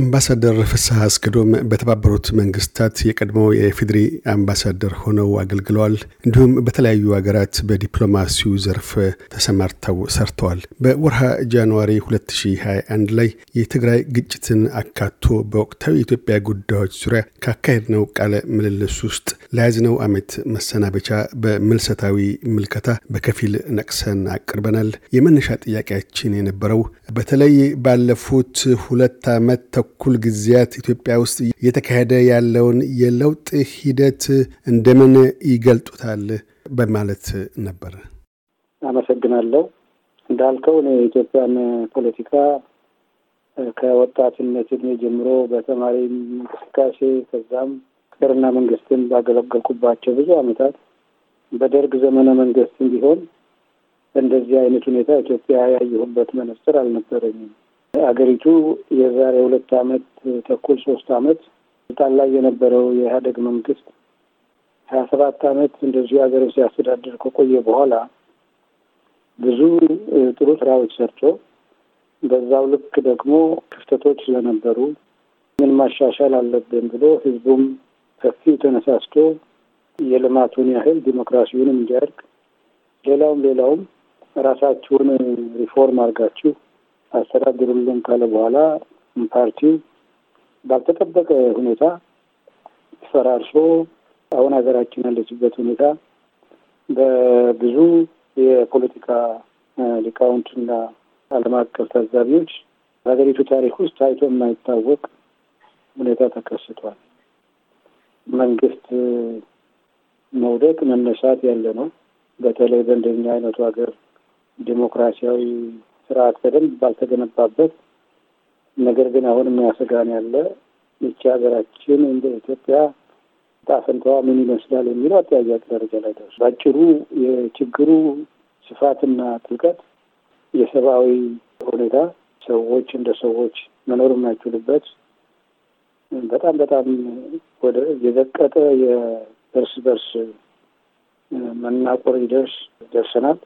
አምባሳደር ፍስሐ አስገዶም በተባበሩት መንግስታት የቀድሞ የፌድሪ አምባሳደር ሆነው አገልግለዋል። እንዲሁም በተለያዩ ሀገራት በዲፕሎማሲው ዘርፍ ተሰማርተው ሰርተዋል። በወርሃ ጃንዋሪ 2021 ላይ የትግራይ ግጭትን አካቶ በወቅታዊ የኢትዮጵያ ጉዳዮች ዙሪያ ካካሄድነው ቃለ ምልልስ ውስጥ ለያዝነው ዓመት መሰናበቻ በምልሰታዊ ምልከታ በከፊል ነቅሰን አቅርበናል። የመነሻ ጥያቄያችን የነበረው በተለይ ባለፉት ሁለት ዓመት በኩል ጊዜያት ኢትዮጵያ ውስጥ እየተካሄደ ያለውን የለውጥ ሂደት እንደምን ይገልጡታል? በማለት ነበር። አመሰግናለሁ። እንዳልከው እኔ የኢትዮጵያን ፖለቲካ ከወጣትነት እድሜ ጀምሮ በተማሪ እንቅስቃሴ ከዛም ቅርና መንግስትን ባገለገልኩባቸው ብዙ አመታት በደርግ ዘመነ መንግስት ቢሆን እንደዚህ አይነት ሁኔታ ኢትዮጵያ ያየሁበት መነጽር አልነበረኝም። አገሪቱ የዛሬ ሁለት አመት ተኩል ሶስት አመት ስልጣን ላይ የነበረው የኢህአደግ መንግስት ሀያ ሰባት አመት እንደዚሁ ሀገርን ሲያስተዳድር ከቆየ በኋላ ብዙ ጥሩ ስራዎች ሰርቶ በዛው ልክ ደግሞ ክፍተቶች ስለነበሩ ምን ማሻሻል አለብን ብሎ ህዝቡም ሰፊው ተነሳስቶ የልማቱን ያህል ዲሞክራሲውንም እንዲያድግ ሌላውም ሌላውም ራሳችሁን ሪፎርም አድርጋችሁ አስተዳድሩልን ካለ በኋላ ፓርቲው ባልተጠበቀ ሁኔታ ፈራርሶ አሁን ሀገራችን ያለችበት ሁኔታ በብዙ የፖለቲካ ሊቃውንትና ዓለም አቀፍ ታዛቢዎች በሀገሪቱ ታሪክ ውስጥ ታይቶ የማይታወቅ ሁኔታ ተከስቷል። መንግስት መውደቅ መነሳት ያለ ነው። በተለይ በእንደኛ አይነቱ ሀገር ዲሞክራሲያዊ ስርዓት በደንብ ባልተገነባበት ነገር ግን አሁን የሚያሰጋን ያለ ይቺ ሀገራችን እንደ ኢትዮጵያ ጣፈንተዋ ምን ይመስላል የሚለው አጠያያቂ ደረጃ ላይ ደርሱ። ባጭሩ የችግሩ ስፋትና ጥልቀት፣ የሰብአዊ ሁኔታ፣ ሰዎች እንደ ሰዎች መኖር የማይችሉበት በጣም በጣም ወደ የዘቀጠ የእርስ በርስ መናቆር ይደርስ ደርሰናል።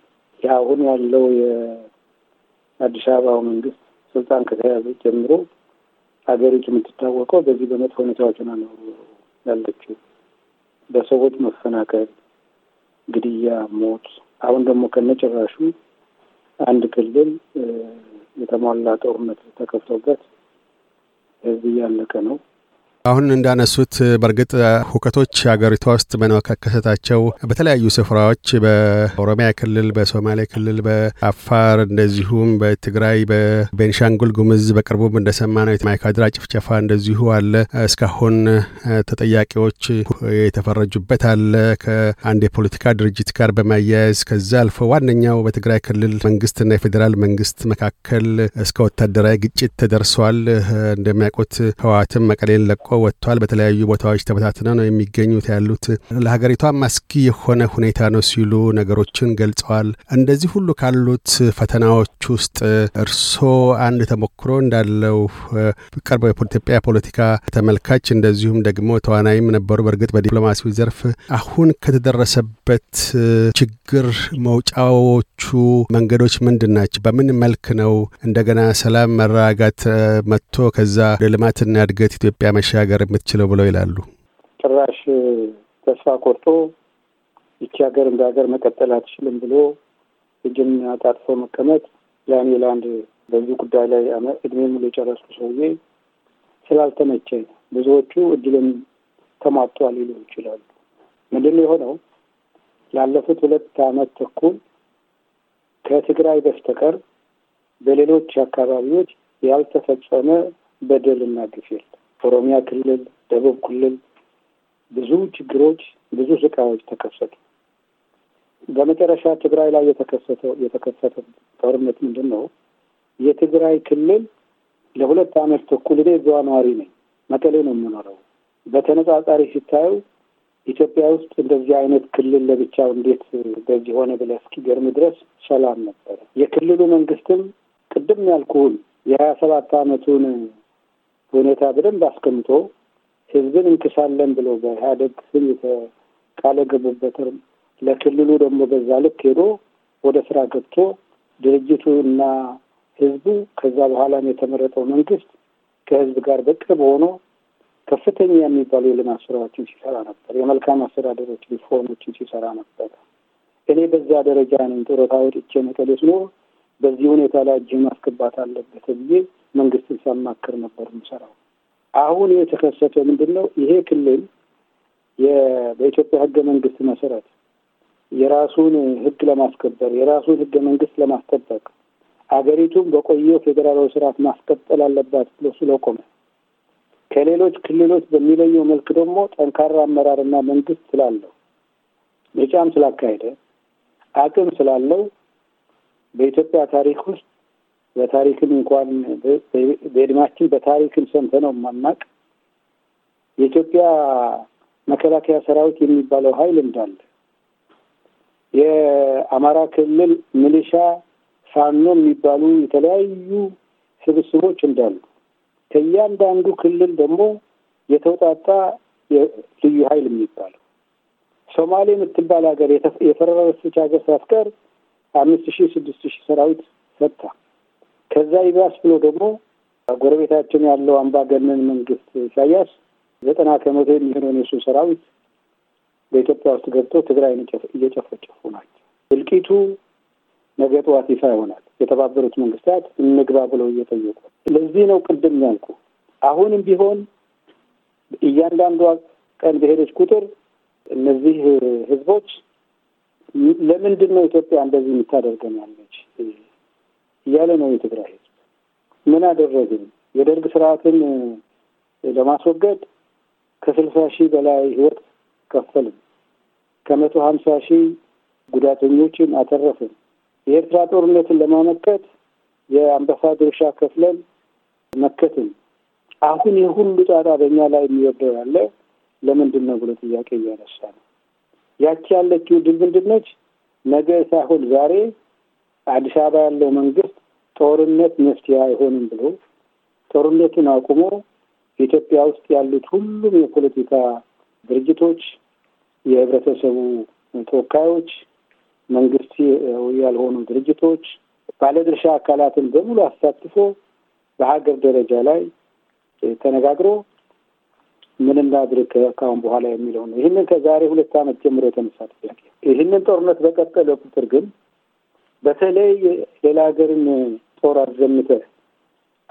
የአሁን ያለው አዲስ አበባው መንግስት ስልጣን ከተያዘ ጀምሮ ሀገሪቱ የምትታወቀው በዚህ በመጥፎ ሁኔታዎች ነው ያለችው። በሰዎች መፈናቀል፣ ግድያ፣ ሞት። አሁን ደግሞ ከነጭራሹ አንድ ክልል የተሟላ ጦርነት ተከፍቶበት ህዝብ እያለቀ ነው። አሁን እንዳነሱት በእርግጥ ሁከቶች ሀገሪቷ ውስጥ በመከሰታቸው በተለያዩ ስፍራዎች በኦሮሚያ ክልል፣ በሶማሌ ክልል፣ በአፋር እንደዚሁም በትግራይ፣ በቤንሻንጉል ጉምዝ በቅርቡም ነው የማይካድራ ጭፍጨፋ እንደዚሁ አለ። እስካሁን ተጠያቂዎች የተፈረጁበት አለ ከአንድ የፖለቲካ ድርጅት ጋር በማያያዝ ከዛ አልፎ ዋነኛው በትግራይ ክልል መንግስትና የፌዴራል መንግስት መካከል እስከ ወታደራዊ ግጭት ተደርሷል። እንደሚያውቁት ህወሓትም መቀሌን ለቆ ወጥቷል። በተለያዩ ቦታዎች ተበታትነው ነው የሚገኙት ያሉት። ለሀገሪቷም አስጊ የሆነ ሁኔታ ነው ሲሉ ነገሮችን ገልጸዋል። እንደዚህ ሁሉ ካሉት ፈተናዎች ውስጥ እርስዎ አንድ ተሞክሮ እንዳለው ቅርብ ኢትዮጵያ ፖለቲካ ተመልካች እንደዚሁም ደግሞ ተዋናይም ነበሩ። በእርግጥ በዲፕሎማሲው ዘርፍ አሁን ከተደረሰበት ችግር መውጫዎቹ መንገዶች ምንድን ናቸው? በምን መልክ ነው እንደገና ሰላም መረጋጋት መጥቶ ከዛ ወደ ልማትና እድገት ኢትዮጵያ መሻ መሸጋገር የምትችለው ብለው ይላሉ። ጭራሽ ተስፋ ቆርጦ ይቺ ሀገር እንደ ሀገር መቀጠል አትችልም ብሎ እጅን አጣጥፎ መቀመጥ ለእኔ ለአንድ በዚህ ጉዳይ ላይ እድሜ ሙሉ የጨረስኩ ሰውዬ ስላልተመቸኝ ብዙዎቹ እድልን ተሟጧል ሊሉ ይችላሉ። ምንድን ነው የሆነው? ላለፉት ሁለት ዓመት ተኩል ከትግራይ በስተቀር በሌሎች አካባቢዎች ያልተፈጸመ በደልና ግፍ የለም። ኦሮሚያ ክልል፣ ደቡብ ክልል ብዙ ችግሮች፣ ብዙ ስቃዮች ተከሰቱ። በመጨረሻ ትግራይ ላይ የተከሰተው የተከሰተው ጦርነት ምንድን ነው? የትግራይ ክልል ለሁለት ዓመት ተኩል እኔ እዚዋ ነዋሪ ነኝ፣ መቀሌ ነው የምኖረው። በተነጻጻሪ ሲታዩ ኢትዮጵያ ውስጥ እንደዚህ አይነት ክልል ለብቻው እንዴት በዚህ ሆነ ብለህ እስኪገርም ድረስ ሰላም ነበረ። የክልሉ መንግስትም ቅድም ያልኩህን የሀያ ሰባት ዓመቱን ሁኔታ በደንብ አስቀምጦ ህዝብን እንክሳለን ብሎ በኢህአደግ ስም የተቃለ ገቡበትን ለክልሉ ደግሞ በዛ ልክ ሄዶ ወደ ስራ ገብቶ ድርጅቱ እና ህዝቡ ከዛ በኋላም የተመረጠው መንግስት ከህዝብ ጋር በቅርብ ሆኖ ከፍተኛ የሚባሉ የልማት ስራዎችን ሲሰራ ነበር። የመልካም አስተዳደሮች ሪፎርሞችን ሲሰራ ነበር። እኔ በዛ ደረጃ ነኝ ጡረታ ወጥቼ መቀሌ ስኖር በዚህ ሁኔታ ላይ እጅ ማስገባት አለበት ብዬ መንግስትን ሳማክር ነበር የምሰራው። አሁን የተከሰተው ምንድን ነው? ይሄ ክልል በኢትዮጵያ ህገ መንግስት መሰረት የራሱን ህግ ለማስከበር የራሱን ህገ መንግስት ለማስጠበቅ አገሪቱን በቆየው ፌዴራላዊ ስርዓት ማስቀጠል አለባት ብሎ ስለቆመ ከሌሎች ክልሎች በሚለየው መልክ ደግሞ ጠንካራ አመራርና መንግስት ስላለው ምርጫም ስላካሄደ አቅም ስላለው በኢትዮጵያ ታሪክ ውስጥ በታሪክም እንኳን በእድማችን በታሪክም ሰምተነው ማናቅ የኢትዮጵያ መከላከያ ሰራዊት የሚባለው ሀይል እንዳለ የአማራ ክልል ሚሊሻ፣ ፋኖ የሚባሉ የተለያዩ ስብስቦች እንዳሉ ከእያንዳንዱ ክልል ደግሞ የተውጣጣ ልዩ ሀይል የሚባለው ሶማሌ የምትባል ሀገር የፈረረሰች ሀገር ሳትቀር አምስት ሺህ ስድስት ሺህ ሰራዊት ሰጥታ ከዛ ይባስ ብሎ ደግሞ ጎረቤታችን ያለው አምባገነን መንግስት ኢሳያስ ዘጠና ከመቶ የሚሆነውን የሱ ሰራዊት በኢትዮጵያ ውስጥ ገብቶ ትግራይን እየጨፈጨፉ ናቸው። እልቂቱ ነገ ጠዋት ይፋ ይሆናል። የተባበሩት መንግስታት እንግባ ብለው እየጠየቁ ለዚህ ነው ቅድም ያልኩ። አሁንም ቢሆን እያንዳንዷ ቀን በሄደች ቁጥር እነዚህ ህዝቦች ለምንድን ነው ኢትዮጵያ እንደዚህ የምታደርገን ያለች እያለ ነው የትግራይ ህዝብ። ምን አደረግን? የደርግ ስርዓትን ለማስወገድ ከስልሳ ሺህ በላይ ህይወት ከፈልን። ከመቶ ሀምሳ ሺህ ጉዳተኞችን አተረፍን። የኤርትራ ጦርነትን ለማመከት የአንበሳ ድርሻ ከፍለን መከትን። አሁን የሁሉ ጣጣ በእኛ ላይ የሚወርደው ያለ ለምንድን ነው ብሎ ጥያቄ እያነሳ ነው። ያቺ ያለችው ድል ነች? ነገ ሳይሆን ዛሬ አዲስ አበባ ያለው መንግስት ጦርነት መፍትሄ አይሆንም ብሎ ጦርነቱን አቁሞ ኢትዮጵያ ውስጥ ያሉት ሁሉም የፖለቲካ ድርጅቶች፣ የህብረተሰቡ ተወካዮች፣ መንግስት ያልሆኑ ድርጅቶች፣ ባለድርሻ አካላትን በሙሉ አሳትፎ በሀገር ደረጃ ላይ ተነጋግሮ ምን እናድርግ ከአሁን በኋላ የሚለው ነው። ይህንን ከዛሬ ሁለት ዓመት ጀምሮ የተነሳ ጥያቄ። ይህንን ጦርነት በቀጠለ ቁጥር ግን በተለይ ሌላ ሀገርን ጦር አዘምተ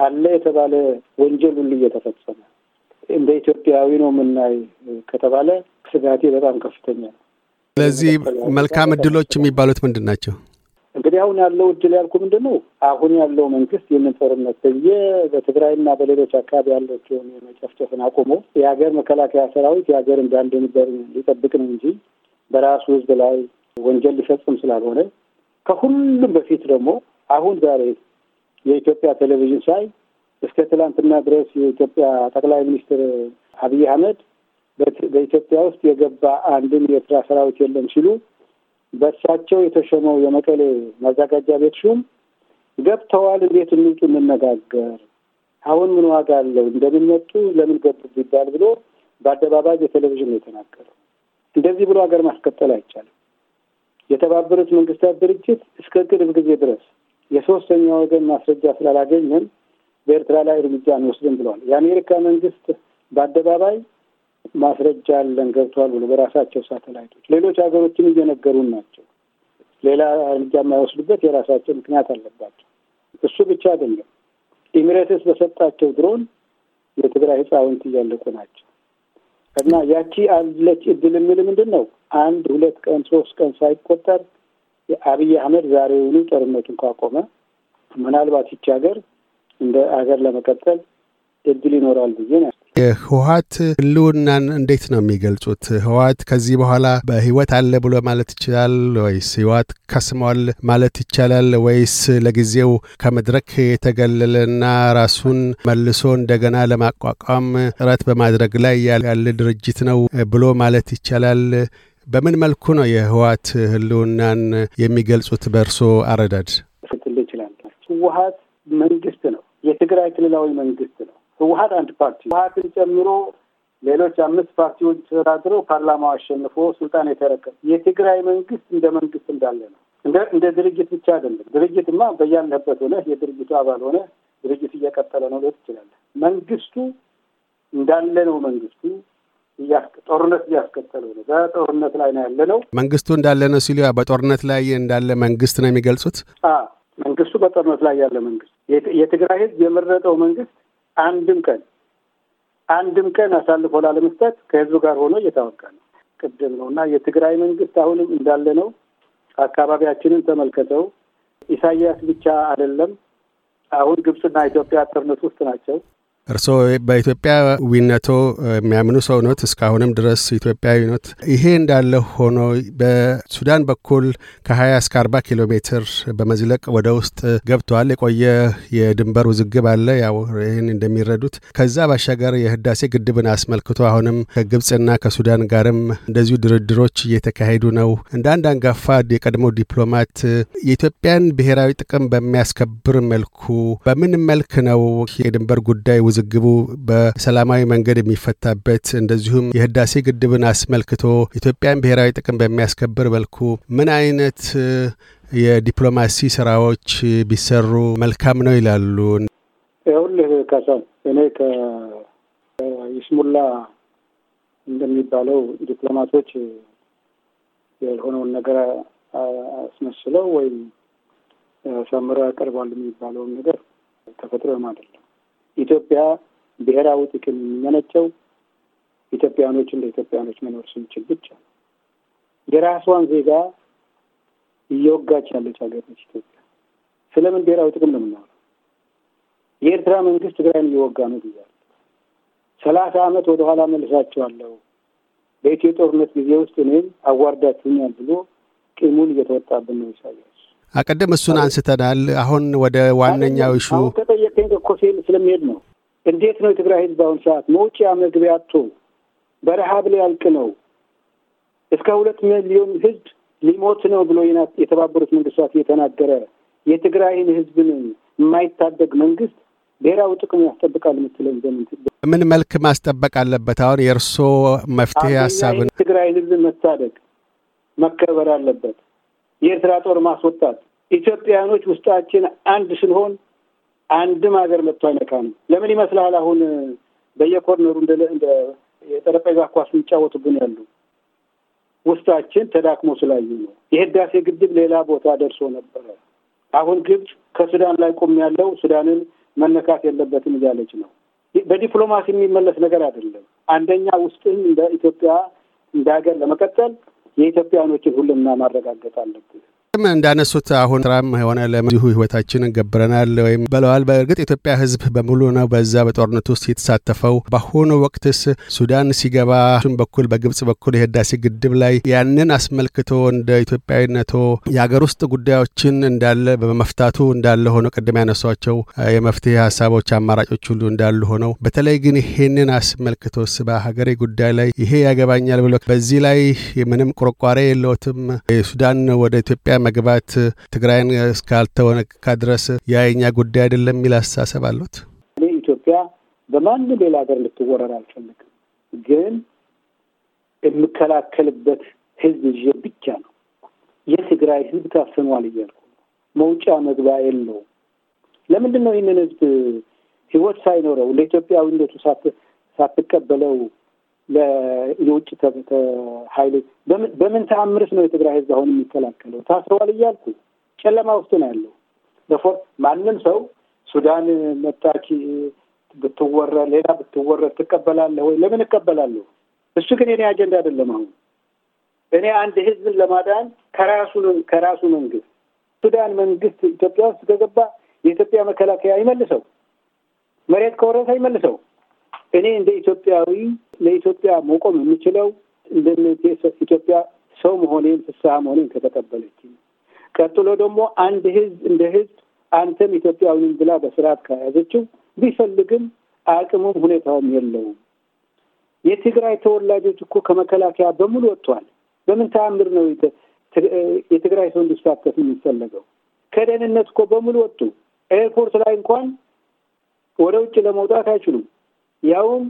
አለ የተባለ ወንጀል ሁሉ እየተፈጸመ እንደ ኢትዮጵያዊ ነው የምናይ ከተባለ ስጋቴ በጣም ከፍተኛ ነው። ስለዚህ መልካም እድሎች የሚባሉት ምንድን ናቸው? እንግዲህ አሁን ያለው እድል ያልኩ ምንድን ነው፣ አሁን ያለው መንግስት ይህንን ጦርነት በየ በትግራይና በሌሎች አካባቢ ያለችውን የመጨፍጨፍን አቁሞ የሀገር መከላከያ ሰራዊት የሀገርን አንድነትን ሊጠብቅ ነው እንጂ በራሱ ህዝብ ላይ ወንጀል ሊፈጽም ስላልሆነ ከሁሉም በፊት ደግሞ አሁን ዛሬ የኢትዮጵያ ቴሌቪዥን ሳይ እስከ ትላንትና ድረስ የኢትዮጵያ ጠቅላይ ሚኒስትር አብይ አህመድ በኢትዮጵያ ውስጥ የገባ አንድም የኤርትራ ሰራዊት የለም ሲሉ በእሳቸው የተሾመው የመቀሌ ማዘጋጃ ቤት ሹም ገብተዋል፣ እንዴት እንውጡ፣ እንነጋገር፣ አሁን ምን ዋጋ አለው እንደምን መጡ ለምን ገቡ ቢባል ብሎ በአደባባይ የቴሌቪዥን ነው የተናገረው። እንደዚህ ብሎ ሀገር ማስቀጠል አይቻልም። የተባበሩት መንግስታት ድርጅት እስከ ቅርብ ጊዜ ድረስ የሶስተኛ ወገን ማስረጃ ስላላገኘም በኤርትራ ላይ እርምጃ እንወስድን ብለዋል። የአሜሪካ መንግስት በአደባባይ ማስረጃ አለን ገብቷል ብሎ በራሳቸው ሳተላይቶች ሌሎች ሀገሮችን እየነገሩን ናቸው። ሌላ እርምጃ የማይወስዱበት የራሳቸው ምክንያት አለባቸው። እሱ ብቻ አይደለም። ኢሚሬትስ በሰጣቸው ድሮን የትግራይ ህፃውንት እያለቁ ናቸው እና ያቺ አለች እድል የሚል ምንድን ነው አንድ ሁለት ቀን ሶስት ቀን ሳይቆጠር አብይ አህመድ ዛሬውኑ ጦርነቱን ካቆመ ምናልባት ይቺ ሀገር እንደ ሀገር ለመቀጠል እድል ይኖራል ብዬ ነው። የህወሀት ህልውናን እንዴት ነው የሚገልጹት? ህወሀት ከዚህ በኋላ በህይወት አለ ብሎ ማለት ይችላል ወይስ ህወሀት ከስሟል ማለት ይቻላል ወይስ ለጊዜው ከመድረክ የተገለለና ራሱን መልሶ እንደገና ለማቋቋም ጥረት በማድረግ ላይ ያለ ድርጅት ነው ብሎ ማለት ይቻላል? በምን መልኩ ነው የህወሓት ህልውናን የሚገልጹት በእርሶ አረዳድ? ፍትል ይችላል። ህወሀት መንግስት ነው፣ የትግራይ ክልላዊ መንግስት ነው። ህወሀት አንድ ፓርቲ ህወሀትን ጨምሮ ሌሎች አምስት ፓርቲዎች ተወዳድሮ ፓርላማው አሸንፎ ስልጣን የተረከበ የትግራይ መንግስት እንደ መንግስት እንዳለ ነው። እንደ ድርጅት ብቻ አይደለም። ድርጅትማ በያለበት ሆነ የድርጅቱ አባል ሆነ ድርጅት እየቀጠለ ነው ሊሆን ይችላለ። መንግስቱ እንዳለ ነው። መንግስቱ ጦርነት እያስከተሉ ነው። በጦርነት ላይ ነው ያለ ነው መንግስቱ እንዳለ ነው ሲሉ በጦርነት ላይ እንዳለ መንግስት ነው የሚገልጹት። መንግስቱ በጦርነት ላይ ያለ መንግስት የትግራይ ህዝብ የመረጠው መንግስት አንድም ቀን አንድም ቀን አሳልፎ ላለመስጠት ከህዝቡ ጋር ሆኖ እየታወቀ ነው። ቅድም ነው እና የትግራይ መንግስት አሁንም እንዳለ ነው። አካባቢያችንን ተመልከተው። ኢሳያስ ብቻ አይደለም። አሁን ግብፅና ኢትዮጵያ ጦርነት ውስጥ ናቸው። እርስዎ በኢትዮጵያዊነቶ የሚያምኑ ሰው ኖት፣ እስካሁንም ድረስ ኢትዮጵያዊ ኖት። ይሄ እንዳለ ሆኖ በሱዳን በኩል ከ20 እስከ 40 ኪሎ ሜትር በመዝለቅ ወደ ውስጥ ገብተዋል። የቆየ የድንበር ውዝግብ አለ። ያው ይህን እንደሚረዱት ከዛ ባሻገር የህዳሴ ግድብን አስመልክቶ አሁንም ከግብፅና ከሱዳን ጋርም እንደዚሁ ድርድሮች እየተካሄዱ ነው። እንደ አንድ አንጋፋ የቀድሞ ዲፕሎማት የኢትዮጵያን ብሔራዊ ጥቅም በሚያስከብር መልኩ በምን መልክ ነው የድንበር ጉዳይ ውዝግቡ በሰላማዊ መንገድ የሚፈታበት እንደዚሁም የህዳሴ ግድብን አስመልክቶ ኢትዮጵያን ብሔራዊ ጥቅም በሚያስከብር መልኩ ምን አይነት የዲፕሎማሲ ስራዎች ቢሰሩ መልካም ነው ይላሉ? ይኸውልህ ካሳም እኔ ከይስሙላ እንደሚባለው ዲፕሎማቶች የሆነውን ነገር አስመስለው ወይም አሳምረው ያቀርባሉ የሚባለውን ነገር ተፈጥሮ አይደለም። ኢትዮጵያ ብሔራዊ ጥቅም የሚመነጨው ኢትዮጵያኖች እንደ ኢትዮጵያኖች መኖር ስንችል ብቻ ነው። የራሷን ዜጋ እየወጋች ያለች ሀገር ነች ኢትዮጵያ። ስለምን ብሔራዊ ጥቅም ነው የምናወራው? የኤርትራ መንግስት ትግራይን እየወጋ ነው ብያለሁ። ሰላሳ አመት ወደኋላ መልሳቸዋለሁ በኢትዮ ጦርነት ጊዜ ውስጥ እኔም አዋርዳችሁኛል ብሎ ቂሙን እየተወጣብን ነው ይሳያል። አቀደም እሱን አንስተናል። አሁን ወደ ዋነኛው ሹ ስለሚሄድ ነው። እንዴት ነው የትግራይ ህዝብ በአሁኑ ሰዓት መውጫ መግቢያ አጥቶ በረሃብ ሊያልቅ ነው፣ እስከ ሁለት ሚሊዮን ህዝብ ሊሞት ነው ብሎ የተባበሩት መንግስታት እየተናገረ የትግራይን ህዝብን የማይታደግ መንግስት ብሔራዊ ጥቅሙ ያስጠብቃል የምትለኝ በምን ምን መልክ ማስጠበቅ አለበት? አሁን የእርሶ መፍትሄ ሀሳብን ትግራይን ህዝብ መታደግ መከበር አለበት። የኤርትራ ጦር ማስወጣት ኢትዮጵያኖች ውስጣችን አንድ ስንሆን አንድም ሀገር መጥቶ አይነካም። ለምን ይመስልሃል? አሁን በየኮርነሩ እንደ የጠረጴዛ ኳስ የሚጫወቱብን ያሉ ውስጣችን ተዳክሞ ስላዩ ነው። የህዳሴ ግድብ ሌላ ቦታ ደርሶ ነበረ። አሁን ግብጽ ከሱዳን ላይ ቁም ያለው ሱዳንን መነካት የለበትም እያለች ነው። በዲፕሎማሲ የሚመለስ ነገር አይደለም። አንደኛ ውስጥም እንደ ኢትዮጵያ እንደ ሀገር ለመቀጠል የኢትዮጵያኖችን ሁልና ማረጋገጥ አለብን። እንዳነሱት አሁን ትራም የሆነ ለዚሁ ህይወታችንን ገብረናል ወይም ብለዋል። በእርግጥ የኢትዮጵያ ህዝብ በሙሉ ነው በዛ በጦርነት ውስጥ የተሳተፈው። በአሁኑ ወቅትስ ሱዳን ሲገባ በኩል በግብጽ በኩል የህዳሴ ግድብ ላይ ያንን አስመልክቶ እንደ ኢትዮጵያዊነቶ የሀገር ውስጥ ጉዳዮችን እንዳለ በመፍታቱ እንዳለ ሆኖ ቅድም ያነሷቸው የመፍትሄ ሀሳቦች አማራጮች ሁሉ እንዳሉ ሆነው በተለይ ግን ይሄንን አስመልክቶስ በሀገሬ ጉዳይ ላይ ይሄ ያገባኛል ብሎ በዚህ ላይ ምንም ቁርቋሬ የለውትም የሱዳን ወደ ኢትዮጵያ መግባት ትግራይን እስካልተወነካ ድረስ የአይኛ ጉዳይ አይደለም የሚል አስተሳሰብ አሉት። እኔ ኢትዮጵያ በማንም ሌላ ሀገር ልትወረር አልፈልግም፣ ግን የምከላከልበት ህዝብ ይዤ ብቻ ነው። የትግራይ ህዝብ ታፍኗል እያልኩ መውጫ መግቢያ የለውም። ለምንድን ነው ይህንን ህዝብ ህይወት ሳይኖረው ለኢትዮጵያዊነቱ ሳትቀበለው የውጭ ኃይሎች በምን ተአምርስ ነው የትግራይ ህዝብ አሁን የሚከላከለው? ታስረዋል እያልኩ ጨለማ ውስጥ ነው ያለው። በፎር ማንም ሰው ሱዳን መታች ብትወረ ሌላ ብትወረ ትቀበላለህ ወይ? ለምን እቀበላለሁ? እሱ ግን የኔ አጀንዳ አይደለም። አሁን እኔ አንድ ህዝብን ለማዳን ከራሱ ከራሱ መንግስት ሱዳን መንግስት ኢትዮጵያ ውስጥ ከገባ የኢትዮጵያ መከላከያ አይመልሰው መሬት ከወረሰ አይመልሰው? እኔ እንደ ኢትዮጵያዊ ለኢትዮጵያ መቆም የምችለው እንደ ኢትዮጵያ ሰው መሆኔን ፍስሐ መሆኔን ከተቀበለች ቀጥሎ ደግሞ አንድ ህዝብ እንደ ህዝብ አንተም ኢትዮጵያዊን ብላ በስርዓት ከያዘችው ቢፈልግም አቅሙም ሁኔታውም የለውም። የትግራይ ተወላጆች እኮ ከመከላከያ በሙሉ ወጥቷል። በምን ተአምር ነው የትግራይ ሰው እንዲሳተፍ የሚፈለገው? ከደህንነት እኮ በሙሉ ወጡ። ኤርፖርት ላይ እንኳን ወደ ውጭ ለመውጣት አይችሉም። ያውም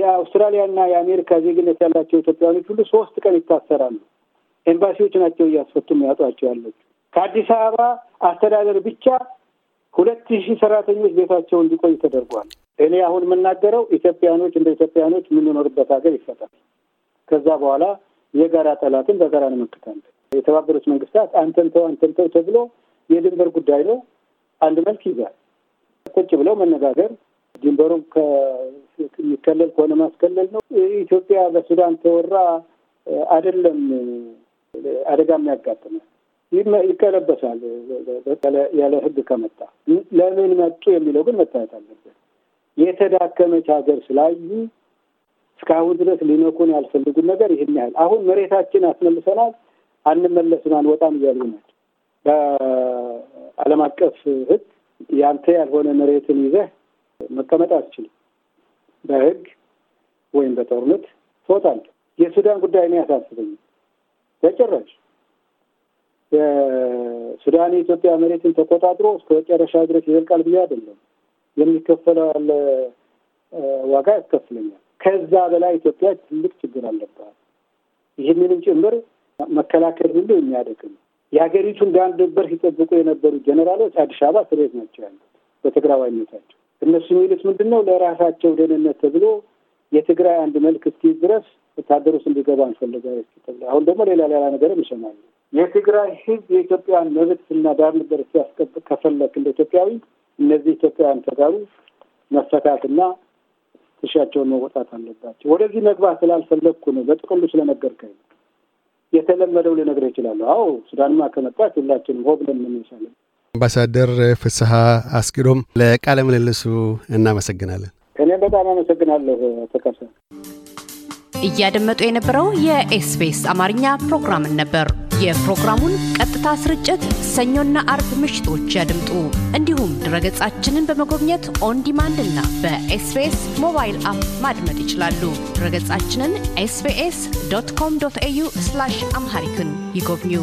የአውስትራሊያና የአሜሪካ ዜግነት ያላቸው ኢትዮጵያውያኖች ሁሉ ሶስት ቀን ይታሰራሉ። ኤምባሲዎች ናቸው እያስፈቱ ያጧቸው ያለች። ከአዲስ አበባ አስተዳደር ብቻ ሁለት ሺህ ሰራተኞች ቤታቸው እንዲቆይ ተደርጓል። እኔ አሁን የምናገረው ኢትዮጵያኖች እንደ ኢትዮጵያኖች የምንኖርበት ሀገር ይፈጣል። ከዛ በኋላ የጋራ ጠላትን በጋራ እንመክታለን። የተባበሩት መንግስታት አንተንተው አንተንተው ተብሎ የድንበር ጉዳይ ነው። አንድ መልክ ይዛል። ቁጭ ብለው መነጋገር ድንበሩን። የሚከለል ከሆነ ማስከለል ነው። ኢትዮጵያ በሱዳን ተወራ አይደለም አደጋ የሚያጋጥመ ይቀለበሳል ያለ ህግ ከመጣ ለምን መጡ የሚለው ግን መታየት አለበት። የተዳከመች ሀገር ስላዩ እስካሁን ድረስ ሊነኩን ያልፈልጉን ነገር ይህን ያህል አሁን መሬታችን አስመልሰናል፣ አንመለስም፣ አንወጣም እያሉ ናቸው። በዓለም አቀፍ ህግ ያንተ ያልሆነ መሬትን ይዘህ መቀመጥ አትችልም። በህግ ወይም በጦርነት ቶታል የሱዳን ጉዳይ ነው ያሳስበኝ በጭራሽ። የሱዳን የኢትዮጵያ መሬትን ተቆጣጥሮ እስከ መጨረሻ ድረስ ይዘልቃል ብዬ አይደለም። የሚከፈለዋል ዋጋ ያስከፍለኛል። ከዛ በላይ ኢትዮጵያ ትልቅ ችግር አለባት። ይህንንም ጭምር መከላከል ሁሉ የሚያደግም የሀገሪቱን ዳር ድንበር ሲጠብቁ የነበሩ ጀኔራሎች አዲስ አበባ ስሬት ናቸው ያሉት በትግራዋይነታቸው። እነሱ የሚሉት ምንድን ነው? ለራሳቸው ደህንነት ተብሎ የትግራይ አንድ መልክ እስኪ ድረስ ወታደሮች እንዲገባ እንፈልጋ ተብሎ አሁን ደግሞ ሌላ ሌላ ነገርም ይሰማሉ። የትግራይ ህዝብ የኢትዮጵያን መብት እና ድንበር ሲያስከብር ከፈለክ እንደ ኢትዮጵያዊ እነዚህ ኢትዮጵያውያን ተጋሩ መፈታትና ትሻቸውን መወጣት አለባቸው። ወደዚህ መግባት ስላልፈለግኩ ነው፣ በጥቅሉ ስለነገርከኝ የተለመደው ልነግርህ እችላለሁ። አዎ ሱዳንማ ከመጣት ሁላችንም ሆብለን ምንሳለን አምባሳደር ፍስሀ አስኪዶም ለቃለ ምልልሱ እናመሰግናለን። እኔም በጣም አመሰግናለሁ። ተከሰ እያደመጡ የነበረው የኤስቢኤስ አማርኛ ፕሮግራምን ነበር። የፕሮግራሙን ቀጥታ ስርጭት ሰኞና አርብ ምሽቶች ያድምጡ። እንዲሁም ድረገጻችንን በመጎብኘት ኦን ዲማንድ እና በኤስቢኤስ ሞባይል አፕ ማድመጥ ይችላሉ። ድረገጻችንን ኤስቢኤስ ዶት ኮም ዶት ኤዩ አምሃሪክን ይጎብኙ።